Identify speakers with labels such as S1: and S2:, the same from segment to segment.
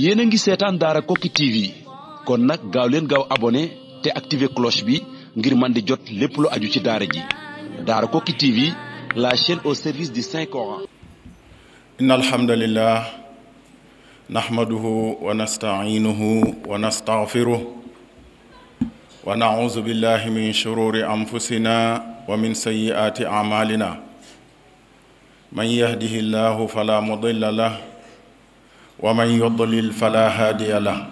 S1: yéen a ngi seetaan daara Koki TV kon nag gaaw leen gaaw abonné te activé cloche bi ngir man di jot lépp lu aju ci daara ji daara Koki TV la chaîne au service di Saint Coran inna alhamdulillah nahmaduhu wa nasta'inuhu wa nastaghfiruh wa na'uuzu billahi min shururi anfusina ومن يضلل فلا هادي له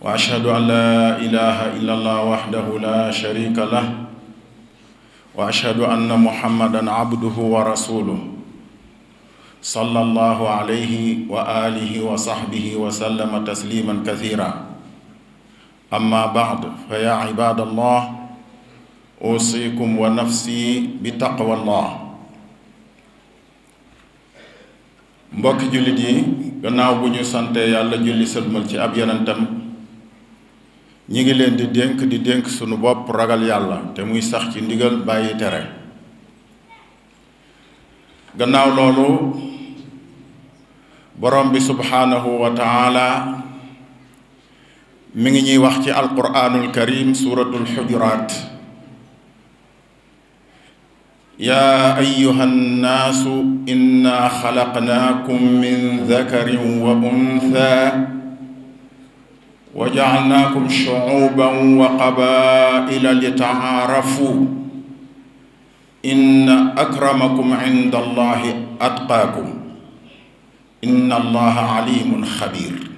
S1: واشهد ان لا اله الا الله وحده لا شريك له واشهد ان محمدا عبده ورسوله صلى الله عليه واله وصحبه وسلم تسليما كثيرا اما بعد فيا عباد الله اوصيكم ونفسي بتقوى الله mbokki jullit yi gannaaw bu ñu sante yàlla julli sëlmal ci ab yonentam ñi ngi leen di dénk di dénk sunu bopp ragal yàlla te muy sax ci ndigal bàyyi tere gannaaw loolu borom bi subhaanahu wa mu ngi ñuy wax ci alquraanul karim suuratul xujuraat yaa ayyuhan naasu innaa xalaqnaakum min dakarin wa unthaa wa jacalnaakum shucuuban wa qabaa'ila litacaarafuu inna akramakum cinda allaahi atqaakum inna allaaha caliimun xabiir.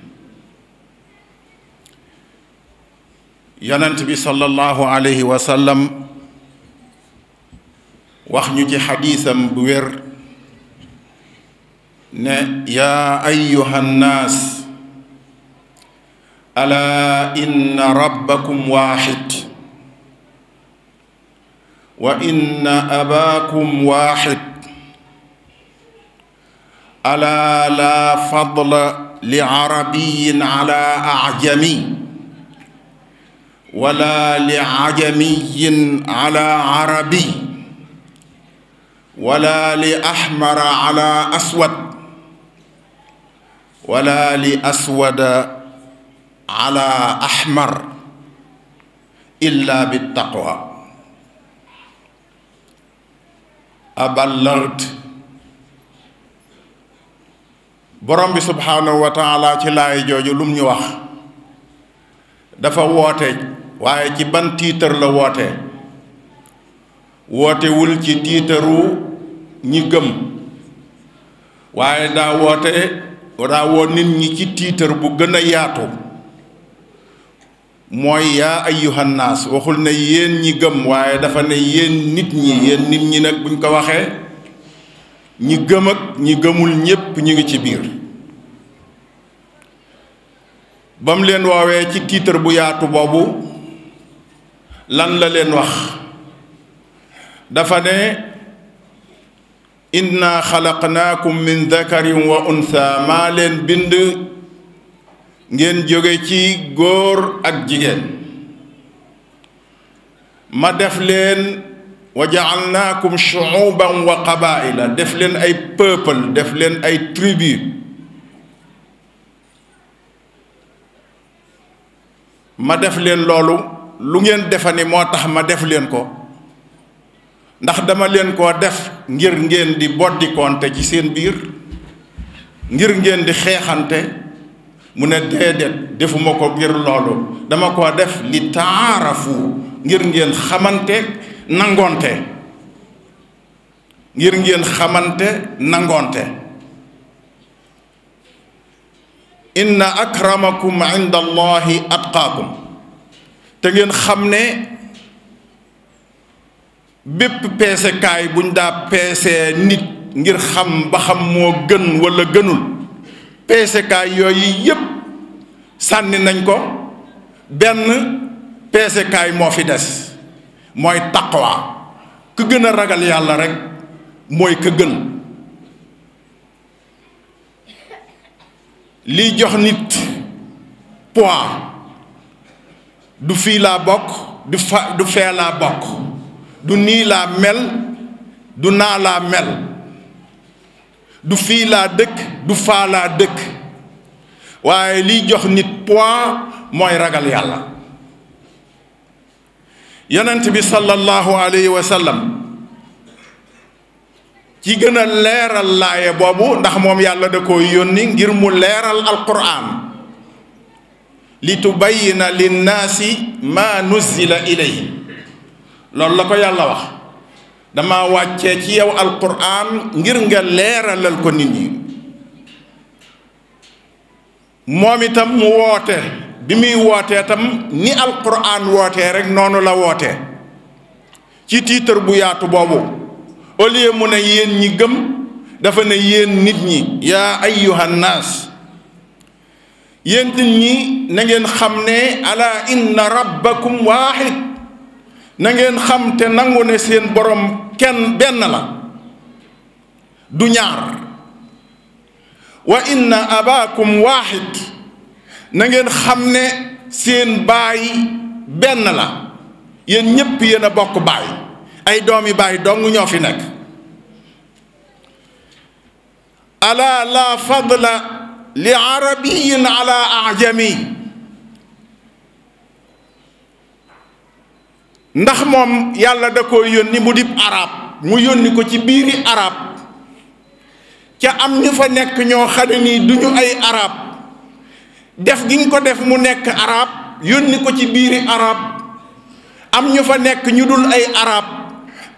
S1: yonent bi sallallahu alayhi wa sallam wax ñu ci xadiisam bu wér ne yaa ayuha nnaas ala inna rabbakum waaxid wa inna abaakum waaxid ala laa fadla li arabiyin ala ajami wala li ajamiyin ala arabi wala li ahmara ala aswad wala li aswada ala ahmar illa bittaqwa aballart borom bi subhaanahu wa ci laay jooju lum ñu wax dafa woote waaye ci ban tiitar la woote wootewul ci tiitaru ñi gëm waaye daa woote daa woo nit ñi ci tiitar bu gën a yaatu mooy yaa ayyuhannaas waxul ne yéen ñi gëm waaye dafa ne yéen nit ñi yéen nit ñi nag buñ ko waxee ñi gëm ak ñi gëmul ñépp ñu ngi ci biir ba mu leen woowee ci tiitar bu yaatu boobu lan la leen wax dafa ne inna xalaqnaakum min dakarin wa untha maa leen bind ngeen jóge ci góor ak jigéen ma def leen wa jaalnaakum shuuban wa la def leen ay peuple def leen ay tribu ma def leen loolu lu ngeen defa ni moo tax ma def leen ko ndax dama leen koo def ngir ngeen di boddikonte ci seen biir ngir ngeen di xeexante mu ne déedéet defuma ko ngir loolu dama koo def li taarafu ngir ngeen xamante nangoonte ngir ngeen xamante nangoonte in akramakum inda allahi atqaakum te ngeen xam ne bépp peesekaay buñ daa peesee nit ngir xam ba xam moo gën walla gënul peesekaay yooyu yépp sànni nañ ko benn peesekaay moo fi des mooy taqwa ku gën a ragal yàlla rekk mooy ka gën li jox nit poids du fii laa bokk du fa du fee laa bokk du nii laa mel du naa laa mel du fii laa dëkk du faa laa dëkk waaye liy jox nit poids mooy ragal yàlla yonent bi sallallahu alayhi wa ci gëna leeral laaye boobu ndax moom yàlla de ko yónni ngir mu leeral alquran li na linnaasi ma nuzila ilayhi loolu la ko yàlla wax dama wàccee ci yow alquran ngir nga leeralal ko nit ñi moom itam mu woote bi muy wootee tam ni alquran woote rek noonu la woote ci tiitar bu yaatu boobu au lieu mu ne yéen ñi gëm dafa ne yéen nit ñi yaa ayyuhan naas yéen nit ñi na ngeen xam ne ala inna rabbakum waahid na ngeen xam te nangu ne seen borom kenn benn la du ñaar wa inna abaakum waaxid na xam ne seen baay benn la yéen ñépp yéen a bokk baay ay doomi baay dong ñoo fi nekk ala la fadla li arabiyin ala ajami ndax moom yàlla da ko yónni mu dib arab mu yónni ko ci biiri arab ca am ñu fa nekk ñoo xam ne du ñu ay arab def giñ ko def mu nekk arab yónni ko ci biiri arab am ñu fa nekk ñu dul ay arab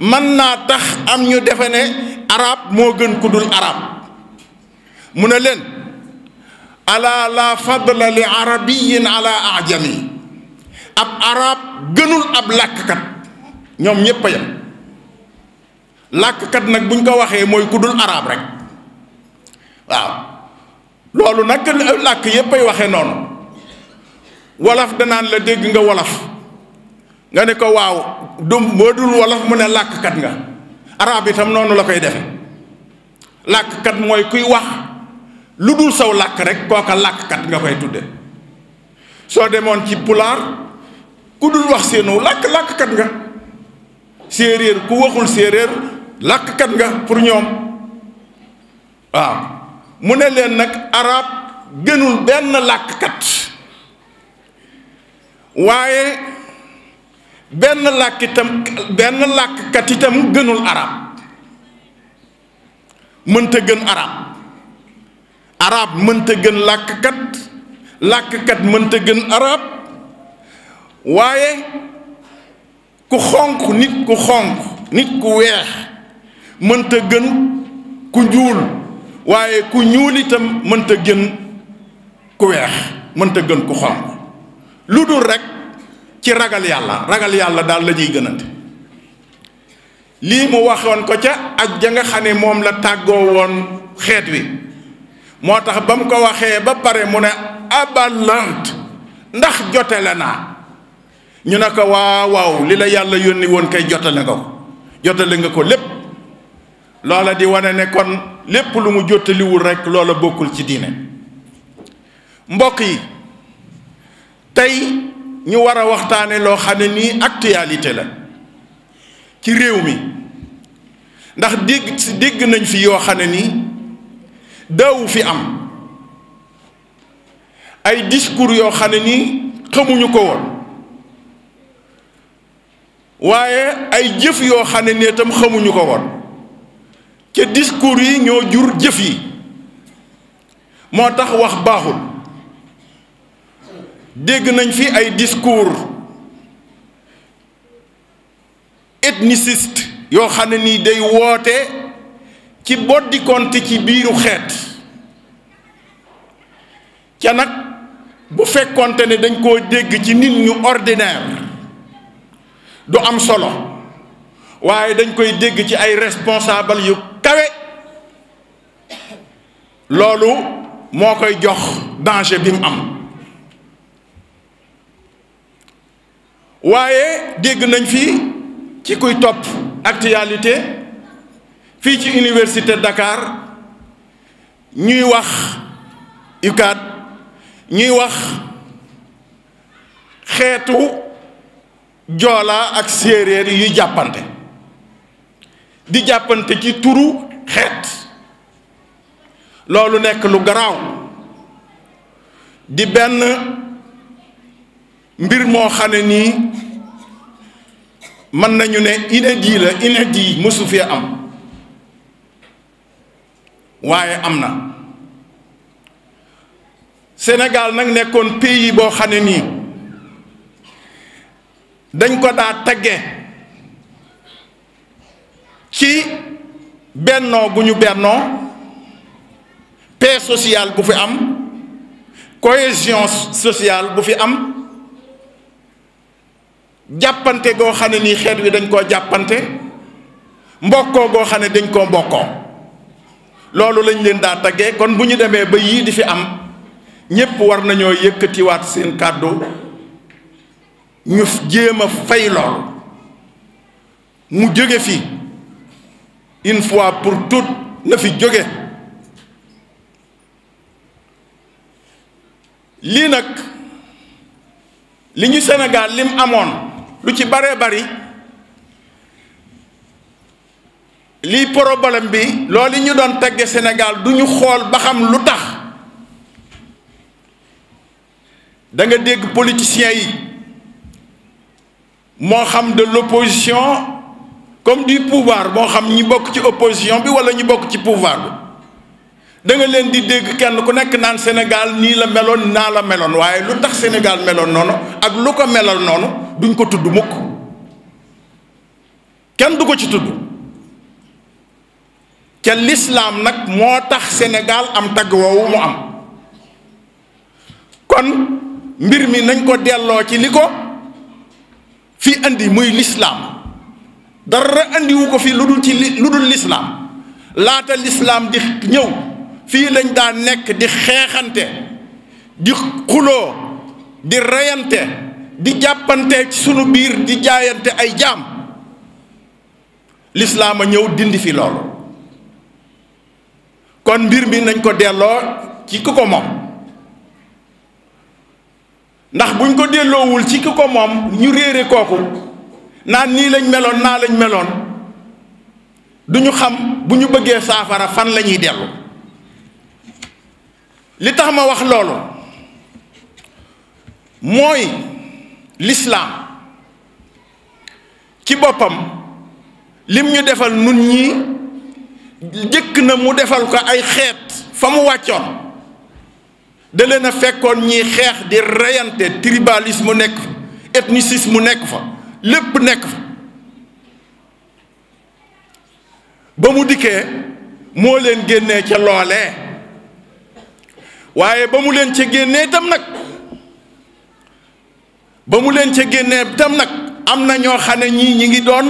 S1: mën naa tax am ñu defe ne arab moo gën ku dul arab mu ne leen ala la fadla li arabiyin ala ajami ab arab gënul ab làkkat ñoom ñépp a yem làkkat nag buñ ko waxee mooy ku dul arab rek waaw loolu nag làkk yépp ay waxee noonu wolof danaan la dégg nga wolof nga ne ko waaw du boo dul wolof mu ne làkkat nga arab itam noonu la koy defe làkkat mooy kuy wax lu dul saw làkk rek kooka làkkat nga koy tudde soo demoon ci pulaar ku dul wax seenu làkk làkkkat nga séeréer ku waxul séeréer làkkkat nga pour ñoom waaw mu ne leen nag arab gënul benn làkkkat waaye benn làkk itam benn làkkkat itam gënul arab mënta gën arab arab mënta gën làkkkat làkkkat mënta gën arab waaye ku xonq nit ku xonq nit ku weex mënta gën ku ñuul waaye ku ñuul itam mënta gën ku weex mënta gën ku xonq lu dul rekk ci ragal yàlla ragal yàlla daal la ñuy gënante lii mu waxoon ko ca ak ja nga moom la tàggoo woon xeet wi moo tax ba mu ko waxee ba pare mu ne abalant ndax jotele naa ñu ne ko waaw waaw li la yàlla yónni woon kay jotale nga ko jotale nga ko lépp loola di wane ne kon lépp lu mu jottaliwul rekk loola bokkul ci diine mbokk yi tey ñu war a waxtaane loo xam ne nii actualité la ci réew mi ndax dégg si dégg nañ fi yoo xam ne nii daawu fi am ay discours yoo xam ne nii xamuñu ko woon waaye ay jëf yoo xam ne ne tam xamuñu ko woon ca discours yi ñoo jur jëf yi moo tax wax baaxul dégg nañ fi ay discours etnisist yoo xam ne nii day woote ci boddikonte ci biiru xeet ca nag bu fekkonte ne dañ koo dégg ci nit ñu ordinaire du am solo waaye dañ koy dégg ci ay responsable yu kawe loolu moo koy jox danger bi mu am waaye dégg nañ fii ci kuy topp actualité fii ci université Dakar ñuy wax UCAD ñuy wax xeetu joolaa ak séeréer yuy jàppante di jàppante ci turu xeet loolu nekk lu garaaw di benn mbir moo xam ne nii mën nañu ne inédit la inédit mësu fee am waaye am na Sénégal nag nekkoon pays boo xam nii dañ ko daa tagge ci bennoo gu ñu bennoo paix social bu fi am cohésion social bu fi am jàppante goo xam ne nii xeet wi dañ koo jàppante mbokkoo goo xam ne dañ koo mbokkoo loolu lañ leen daa tagge kon bu ñu demee ba yii di fi am ñépp war nañoo yëkkatiwaat seen kàddu ñu jéem a fay loolu mu jóge fi in fois pour toutes na fi jóge lii nag li ñu Sénégal lim amoon lu ci baree bari lii problème bi loolu ñu doon tagge senegaal du ñu xool ba xam lu tax danga dégg politiciens yi moo xam de l'opposition comme du pouvoir moo xam ñi bokk ci opposition bi wala ñi bokk ci pouvoir bi da leen di dégg kenn ku nekk naan Sénégal nii la meloon naa la meloon waaye lu tax Sénégal meloon noonu ak lu ko melal noonu duñ ko tudd mukk kenn du ko ci tudd ca lislaam nag moo tax Sénégal am tagg wowu mu am kon mbir mi nañ ko delloo ci li ko fii andi muy lislaam dara andiwu ko fii lu dul ci lu dul lislaam laata lislaam di ñëw fii lañ daan nekk di xeexante di xuloo di reyante di jàppante ci sunu biir di jaayante ay jaam lislaam a ñëw dindi fi loolu kon mbir mi nañ ko delloo ci ku ko moom ndax buñ ko delloowul ci ki ko moom ñu réere kooku naa nii lañ meloon naa lañ meloon du ñu xam bu ñu bëggee saafara fan lañuy dellu li tax ma wax loolu mooy lislaam ci boppam lim ñu defal nun ñii jëkk na mu defal ko ay xeet fa mu wàccoon daleen a fekkoon ñi xeex di reyante mu nekk fa mu nekk fa lépp nekk fa ba mu dikkee moo leen génnee ca loolee waaye ba mu leen ca génnee tam nag ba mu leen ca génnee tam nag am na ñoo xam ne ñii ñi ngi doon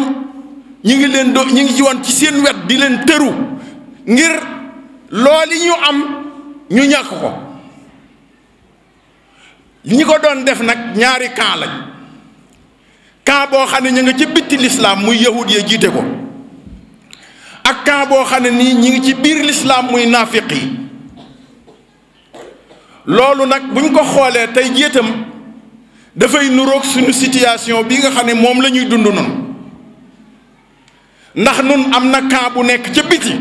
S1: ñi ngi leen do ñi ngi ci woon ci seen wet di leen tëru ngir lool yi ñu am ñu ñàkk ko ñi ko doon def nag ñaari camp lañ camp boo xam ne ñu ngi ci bitti lislaam muy yahud ya jiite ko ak camp boo xam ne nii ñi ngi ci biir lislaam muy naafiq yi loolu nag buñ ko xoolee tey jéetam dafay nuroog suñu situation bi nga xam ne moom lañuy dund noonu ndax nun am na camp bu nekk ca biti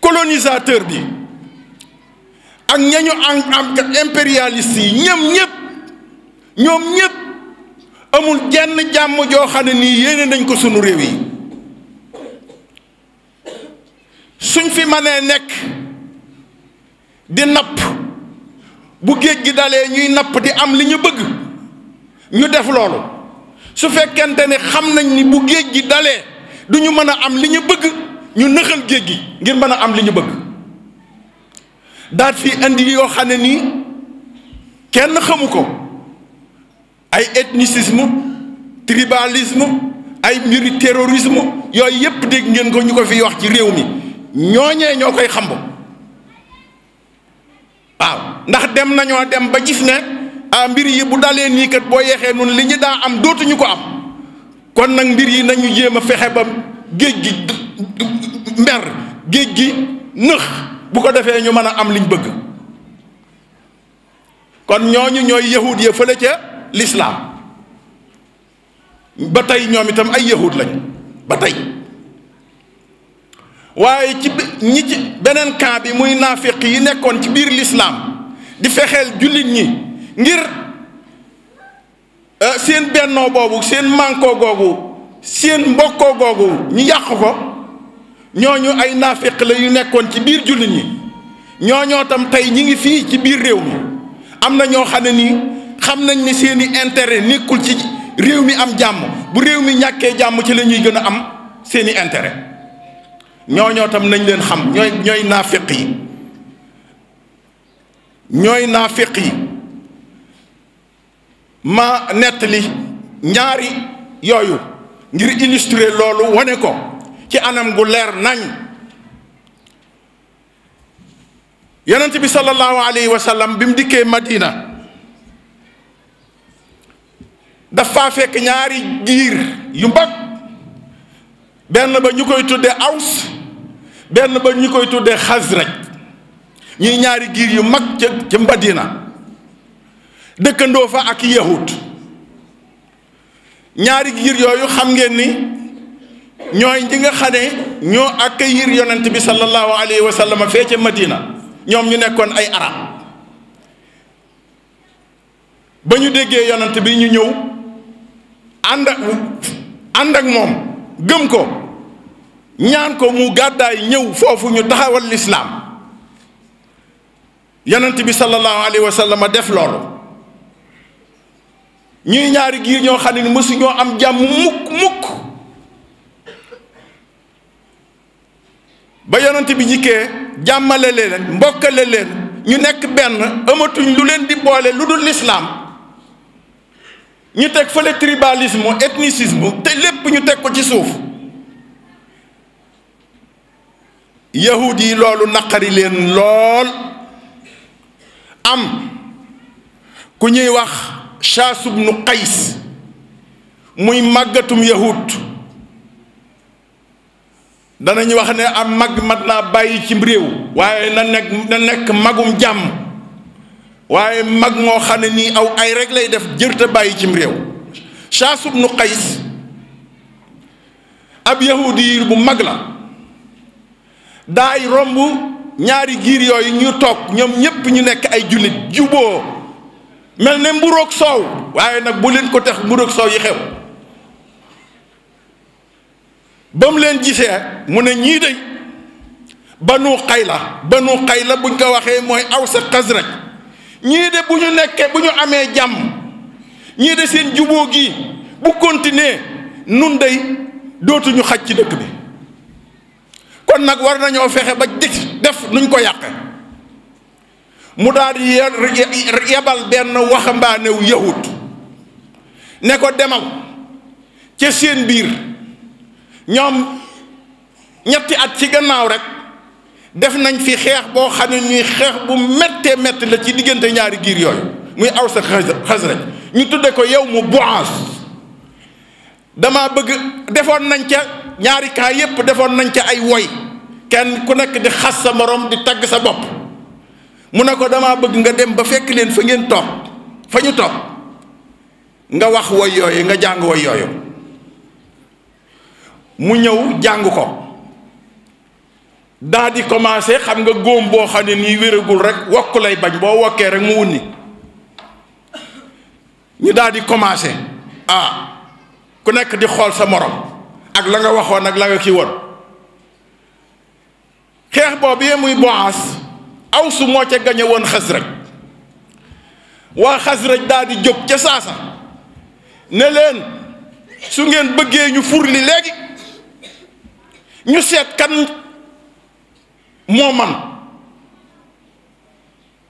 S1: colonisateur bi ak ñañu am am impérialiste yi ñoom ñëpp ñoom ñëpp amul jenn jàmm joo xam ne nii yéene nañ ko sunu réew yi suñ fi mënee nekk di napp bu géej gi dalee ñuy napp di am li ñu bëgg ñu def loolu su fekkente ne xam nañ ni bu géej gi dalee du ñu mën a am li ñu bëgg ñu nëxal géej gi ngir mën a am li ñu bëgg daat fi indi yoo xam ne nii kenn xamu ko ay ethnicisme tribalisme ay mbiri terrorisme yooyu yépp dégg ngeen ko ñu ko fi wax ci réew mi ñooñee ñoo koy xamb waaw ndax dem nañoo dem ba gis ne ah mbir yi bu dalee nii kat boo yeexee noonu li ñu daa am dootuñu ko am kon nag mbir yi nañu jéem a fexe ba géej gi mer géej gi nëx bu ko defee ñu mën a am liñ bëgg kon ñooñu ñooy yahud ya fële ca lislaam ba tey ñoom itam ay yahud lañ ba tey waaye ci ñi ci beneen camp bi muy naafiq yi nekkoon ci biir lislaam di fexeel jullit ñi ngir euh, seen bennoo boobu seen mànkoo googu seen mbokkoo googu ñu yàq ko ñooñu ay naaféq la yu nekkoon ci biir jullit ñi ñooñoo tam tey ñi ngi fii ci biir réew mi am na ñoo xam ne nii xam nañ ne seeni intérêt nekkul ci réew mi am jàmm bu réew mi ñàkkee jàmm ci lañuy gën a am seeni intérêt ñooñoo tam nañ leen xam ñooy ñooy naaféq yi ñooy naaféq yi ma nettali ñaari yooyu ngir illustrer loolu wane ko ci anam gu leer nañ yonent bi sallallahu alayhi wa bi mu dikkee Madina dafa fekk ñaari giir yu mag benn ba ñu koy tuddee Aws benn ba ñu koy tuddee Xasraj ñuy ñaari giir yu mag ca Madina dëkkandoo fa ak yahut ñaari giir yooyu xam ngeen ni ñooy ñi nga xam ne ñoo yonent bi sallallahu alayhi wa sallam fee ca Madina ñoom ñu nekkoon ay araam ba ñu déggee yonent bi ñu ñëw ànd ak moom gëm ko ñaan ko mu gàddaay ñëw foofu ñu taxawal lislaam yonent bi sallallahu alayhi wa sallam def loolu ñuy ñaari giir ñoo xam ne mësuñoo am jàmm mukk mukk ba yonent bi jikkee jàmmale leen mbokkale leen ñu nekk benn amatuñ lu leen di boole lu dul lislaam ñu teg fële tribalisme ethnicisme te lépp ñu teg ko ci suuf yahud yi loolu naqari leen lool am ku ñuy wax Shaas ibnu Qays muy màggatum yahud danañ wax ne am mag mat naa bàyyi cim réew waaye na nekk na nekk magum jàmm waaye mag moo xam ne nii aw ay rek lay def jërta bàyyi cim réew Shaas ibnu Qays ab yahuudi bu mag la daay romb ñaari giir yooyu ñu toog ñoom ñépp ñu nekk ay jullit juboo mel ne mburoog soow waaye nag bu leen ko tex mburoog soow yi xew ba mu leen gisee mu ne ñii day banu xayla banu xayla buñ ko waxee mooy aw sa xasraj ñii de bu ñu nekkee bu ñu amee jàmm ñii de seen juboo gi bu continuer nun day dootuñu xaj ci dëkk bi kon nag war nañoo fexe ba dik def nuñ ko yàqe mu daal di yebal benn waxambaanew yahut ne ko demal ca seen biir ñoom ñetti at ci gannaaw rek def nañ fi xeex boo xam ne ñuy xeex bu méttee métti la ci diggante ñaari giir yooyu muy aw sa xasraj ñu tudde ko yow mu boas dama bëgg defoon nañ ca ñaari kaa yépp defoon nañ ca ay woy kenn ku nekk di xas sa morom di tagg sa bopp mu ne ko dama bëgg nga dem ba fekk leen fa ngeen toog fa ñu toog nga wax woy yooyu nga jàng woy yooyu mu ñëw jàng ko daa di commencé xam nga góom boo xam ne nii wéragul rek wokk lay bañ boo wokkee rek mu wunni ñu daal di commencé ah ku nekk di xool sa morom ak la nga waxoon ak la nga woon xeex boobu yee muy boas aw su moo ca gañe woon xasraj waa xasraj daal di jóg ca saasa ne leen su ngeen bëggee ñu furli léegi ñu seet kan moo man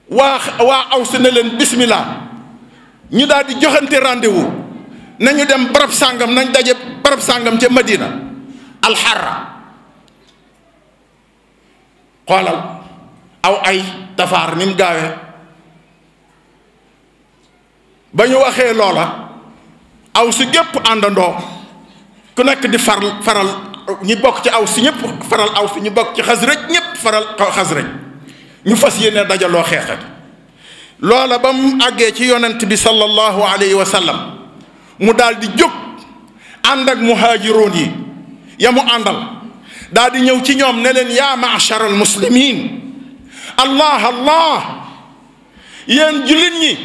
S1: waa waa Aws ne leen bismillah ñu daldi joxante rendez-vous nañu dem barab sàngam nañ daje barab sàngam ci Madina alxarra xoolal aw ay tafaar ni mu gaawee ba ñu waxee loola aw si gépp àndandoo ku nekk di far faral ñi bokk ci aw si ñëpp faral aw si ñu bokk ci xasraj ñépp faral xasraj ñu fas yéene dajaloo xeexat loola ba mu àggee ci yonent bi sallallahu alayhi wa sallam mu daal di jóg ànd ak muhaajiroon yi ya mu àndal daldi ñëw ci ñoom ne leen yaa maachar al muslimin allah allah yéen jullit ñi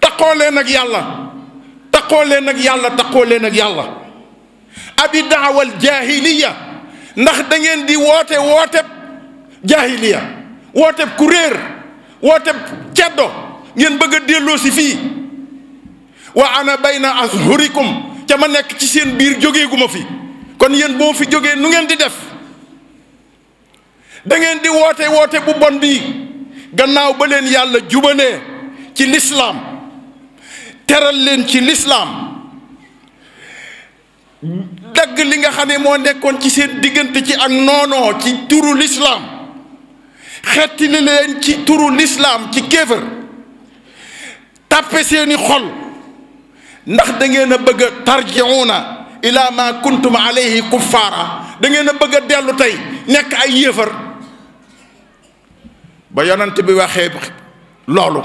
S1: taqoo leen ak yàlla taqoo leen ak yàlla taqoo leen ak yàlla abi daawal jaahiliya ndax dangeen di woote wooteb jaahiliya wooteb ku réer wooteb ceddo ngeen bëgg a delloo si fii wa ana bayna ashurikum ca ma nekk ci seen biir jógeeguma fi kon yéen boo fi jógee nu ngeen di def dangeen di woote woote bu bon bii gannaaw ba leen yàlla jubalee ci lislaam teral leen ci lislaam dagg li nga xam ne moo nekkoon ci seen diggante ci ak noonoo ci turu lislaam xetti li leen ci turu lislaam ci kéefër tàppe seeni xol ndax dangeen a bëgg a tarjiuna ila ma kuffaara da ngeen a bëgg dellu tey nekk ay yéefar ba yonent bi waxee loolu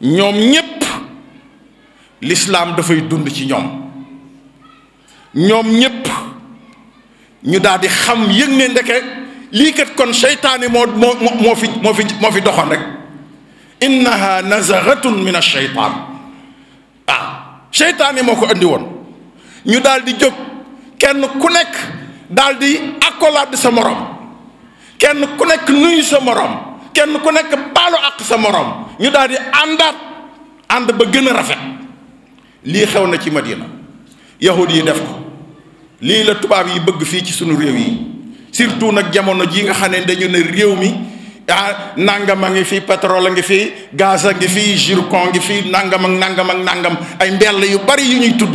S1: ñoom ñépp lislaam dafay dund ci ñoom ñoom ñépp ñu daal xam yëg ne ndeke lii kat kon seytaane moo moo moo fi moo fi moo fi doxoon rek innaha nazaratun min asheytaan ah seytaane moo ko andi woon ñu daal di jóg kenn ku nekk daldi di sa morom kenn ku nekk nuyu sa morom kenn ku nekk baalu àq sa morom ñu daal di àndaat ànd ba gën a rafet lii xew na ci Madina yahud yi def ko lii la tubaab yi bëgg fii ci sunu réew yi surtout nag jamono ji nga xam ne dañu ne réew mi ah nangam a ngi fi pétrole a ngi fi gaz a ngi fi zircon ngi fi nangam ak nangam ak nangam ay mbell yu bari yu ñuy tudd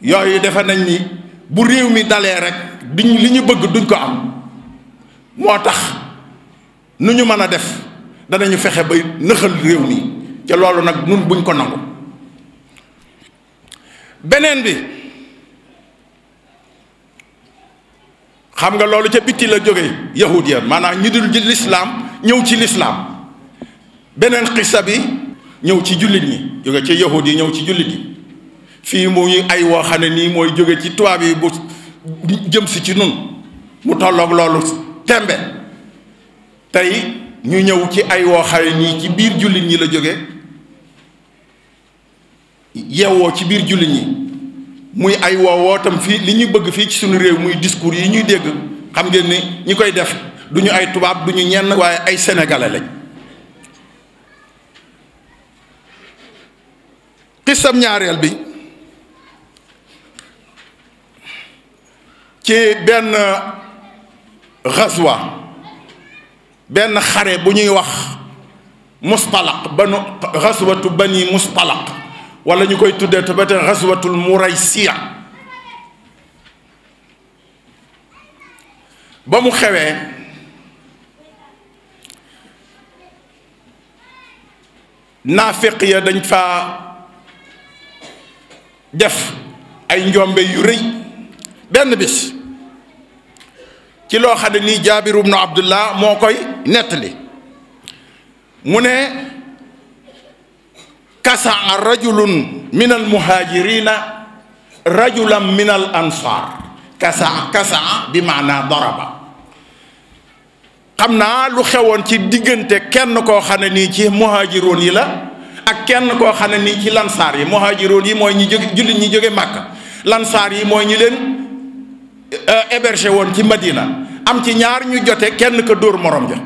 S1: yooyu defe nañ ni bu réew mi dalee rek duñ li ñu bëgg duñ ko am moo tax nu ñu mën a def danañu fexe ba nëxal réew mi ca loolu nag nun buñ ko nangu beneen bi xam nga loolu ca bitti la jóge yahud ya maanaam ñu dul lislaam ñëw ci lislaam beneen xisa bi ñëw ci jullit ñi jóge ci yahud yi ñëw ci jullit ñi fii mu ñu ay woo xam nii mooy jóge ci tubaab yi bu jëm si ci nun mu tolloog loolu tembe tey ñu ñëw ci ay woo xam nii ci biir jullit ñi la jóge yeewoo ci biir jullit ñi muy ay woowootam fii li ñu bëgg fii ci sunu réew muy discours yi ñuy dégg xam ngeen ni ñu koy def du ñu ay tubaab du ñu ñenn waaye ay sénégalais lañ xisam ñaareel bi ci benn xaswa benn xare bu ñuy wax mustalaq banu xaswatu bani mustalaq wala ñu koy tuddee te ba tey xaswatul muraysiya ba mu xewee naafeq ya dañ fa def ay njombe yu rëy benn bis ci loo xam ne lii jaabir abdullah moo koy nettali mu ne kasaa rajulun min al muhajirina rajulan min al ansar kasaa kasaa bi maanaa daraba xam naa lu xewoon ci diggante kenn koo xam nii ci muhajiroon yi la ak kenn koo xam ne nii ci lansaar yi muhajiroon yi mooy ñi jóge jullit ñi jóge Màkka lansaar yi mooy ñi leen euh, hébergé woon ci Madina am ci ñaar ñu jote kenn ka dóor morom ja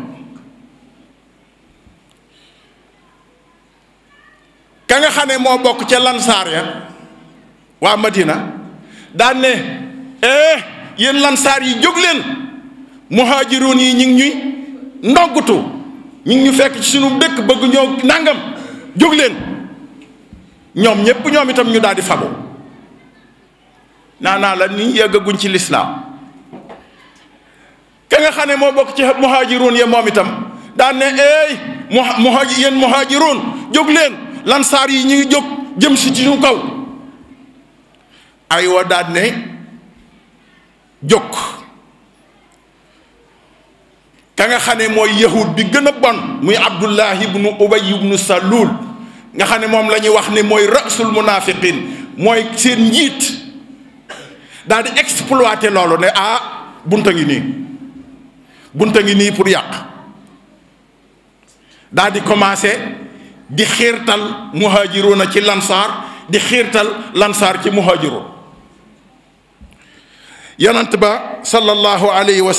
S1: kanga xam ne moo bokk ca lansaar ya waa Madina daan ne eh yéen lansaar yi jóg leen muhaajiroon yi ñu ngi ñuy ndoggutu ñu ngi fekk ci sunu dëkk bëgg ñoo nangam jóg leen ñoom ñépp ñoom itam ñu daal di fagu naa naa la ni yeggaguñ ci lislaam ka nga xam ne moo bokk ci muhaajiroon ya moom itam daan ne eh muhaajir yéen muhaajiroon jóg leen. lansaar yi ñuy jóg jëm si ci ñu kaw ay wa daat jóg ka nga xam ne mooy yahud bi gën a bon muy abdullahi ibnu ubay ibnu salul nga xam ne moom lañuy wax ni mooy rasul munafiqin mooy seen njiit daal di exploité loolu ne ah bunta ngi nii bunta ngi nii pour yàq daal di di xiirtal muhaajiruuna ci lansaar di xiirtal lansaar ci muhaajiruun yonent ba sallallahu alayhi wa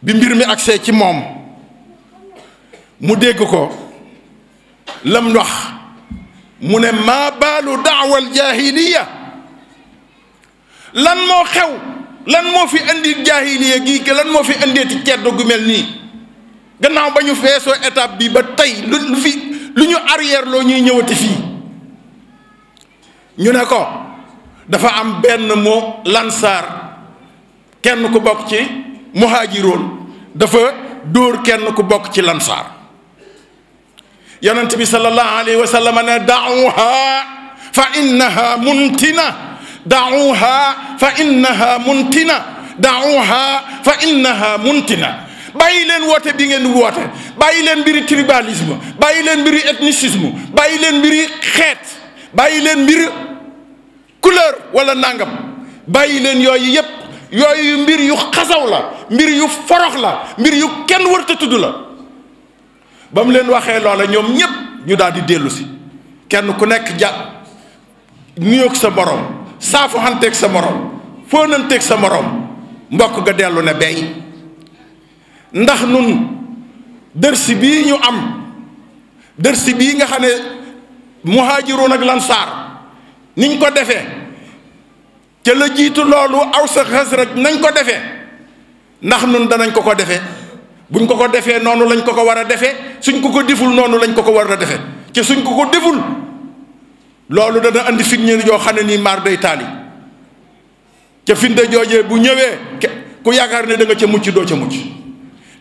S1: bi mbir mi agsee ci moom mu dégg ko lam ndox mu ne maa baalu daawal jaahiliya lan moo xew lan moo fi indi jaahiliya gii lan moo fi indeeti ceddo gu mel nii gannaaw ba ñu feesoo étape bi ba tey lu lu fi lu ñu arrière loo ñuy ñëwati fii ñu ne ko dafa am benn mu lansaar kenn ku bokk ci muhaajiroon dafa dóor kenn ku bokk ci lansaar yonent bi sallallahu alayhi wa sallam ne daawuha fa innaha muntina daawuha fa innaha muntina daawuha fa innaha muntina bàyyi leen woote bi ngeen woote bàyyi leen mbiri tribalisme bàyyi leen mbiri ethnicisme bàyyi leen mbiri xeet bàyyi leen mbiri couleur wala nangam bàyyi leen yooyu yépp yooyu mbir yu xasaw la mbir yu forox la mbir yu kenn wërta tudd la ba mu leen waxee loola ñoom ñépp ñu daal di dellu si kenn ku nekk ja nuyoog sa morom saafu xanteeg sa morom fóonanteeg sa moroom mbokk ga dellu ne bey ndax nun dërsi bii ñu am dërsi bii nga xam ne muhaajiroon ak lansaar niñ ko defee ca la jiitu loolu aw sa xas rek nañ ko defe ndax nun danañ ko ko defe buñ ko ko defee noonu lañ ko ko war a defee suñ ko ko deful noonu lañ ko ko war a defee ca suñ ko ko deful loolu dana andi fitna joo xam ne nii maar day taali ca finde joojee bu ñëwee ku yaakaar ne danga nga ca mucc doo ca mucc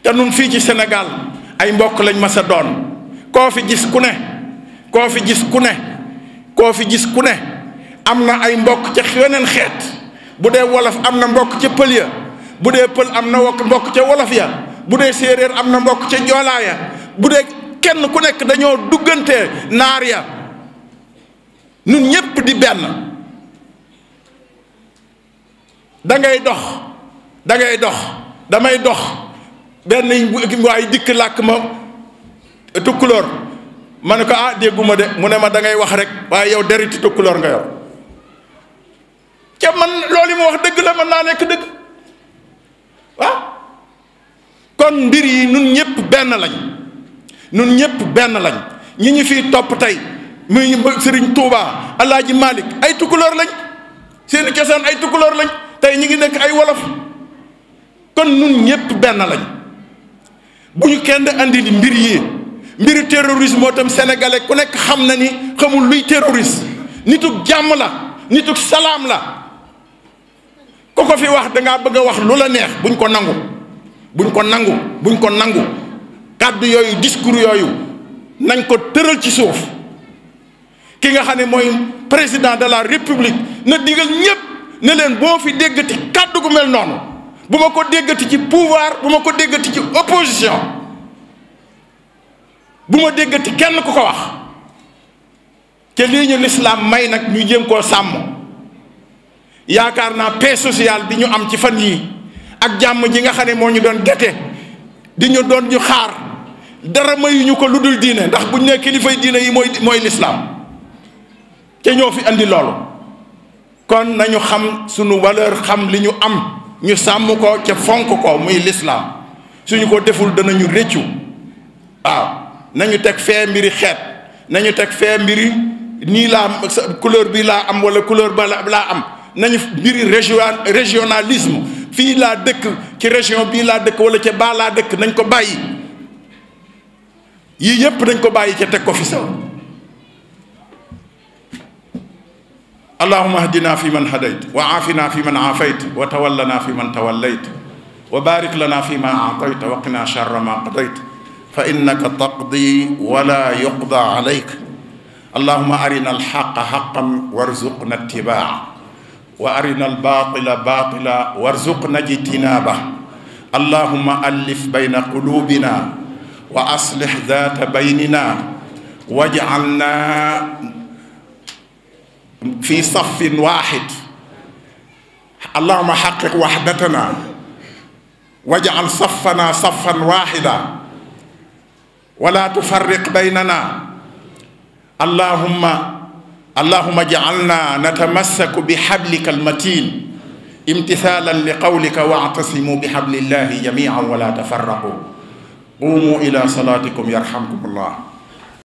S1: te nun fii ci Sénégal ay mbokk lañ mas doon koo fi gis ku ne koo fi gis ku ne koo fi gis ku ne am na ay mbokk ca weneen xeet bu dee wolof am na mbokk ca pël ya bu dee pël am na mbokk ca wolof ya bu dee séeréer am na mbokk ca joolaaya bu dee kenn ku nekk dañoo duggante naar ya nun ñépp di benn dangay dox da ngay dox damay dox benn waay dikk làkk ma tukkuloor ma ne ko ah dégguma de mu ne ma dangay wax rek waaye yow deriti tukkuloor nga yor ca man loolu mu wax dëgg la mën naa nekk dëgg waaw ah. kon mbir yi nun ñëpp benn lañ nun ñëpp benn lañ ñi ñu fii topp tey muy Sëriñ Tuubaa Alaaji Malik ay tukkuloor lañ seeni cosaan ay tukkuloor lañ tey ñi ngi nekk ay wolof kon nun ñëpp benn lañ bu ñu kenn indi li mbir yi mbiru terrorisme moo tam sénégalais ku nekk xam na ni xamul luy terroriste nituk jàmm la nituk salaam la ku ko fi wax dangaa bëgg a wax lu la neex buñ ko nangu buñ ko nangu buñ ko nangu kàddu yooyu discours yooyu nañ ko tëral ci suuf ki nga xam ne mooy président de la république na digal ñépp ne leen boo fi déggati kàdd ku mel noonu bu ma ko déggati ci pouvoir bu ma ko déggati ci opposition bu ma déggati kenn ku ko wax te lii ñu lislaam may nag ñu jéem koo sàmm yaakaar naa paix social bi ñu am ci fan yii ak jàmm ji nga xam ne moo ñu doon gete di ñu doon ñu xaar dara mayuñu ko lu dul diine ndax buñ ne kilifay diine yi mooy mooy lislaam te ñoo fi andi loolu kon nañu xam sunu valeur xam li ñu am ñu sàmm ko ca fonk ko muy lislaam suñu ko deful danañu rëccu waaw nañu teg fee mbiri xeet nañu teg fee mbiri nii laa am couleur bi laa am wala couleur ba laa am nañu mbiri régionalisme fii laa dëkk ci région bii laa dëkk wala ca baa laa dëkk nañ ko bàyyi yii yëpp nañ ko bàyyi ca teg ko fi saw allahuma ahdina fi man hadayt wa aafina fi man aafayt wa tawallana fi man tawallayt wa barik lana fi ma aatayt wa qina charra ma qadayt fa innaka taqdi wala yuqda alayk allahuma arina alxaqa xaqan warzuqna ittibaa wa arina albatila batila warzuqna jtinaaba allahuma allif bayna qulubina wa aslix data baynina wajcalna fi safin waaxid allahuma xaqiq waxdatana wajcal safana safan waaxida wala tufarriq baynana allahuma allahuma jcalna natamassaku bixablika almatin imtithalan liqawlika wactasimu bixablillahi jamican wala tafarraqu qumu ila salatikum yarhamkum allah